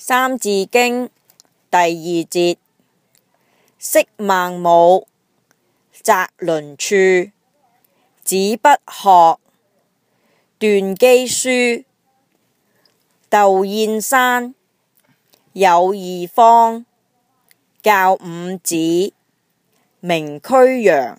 三字經第二節，昔孟母，擇鄰處，子不學，斷機杼。竇燕山有義方，教五子，名俱揚。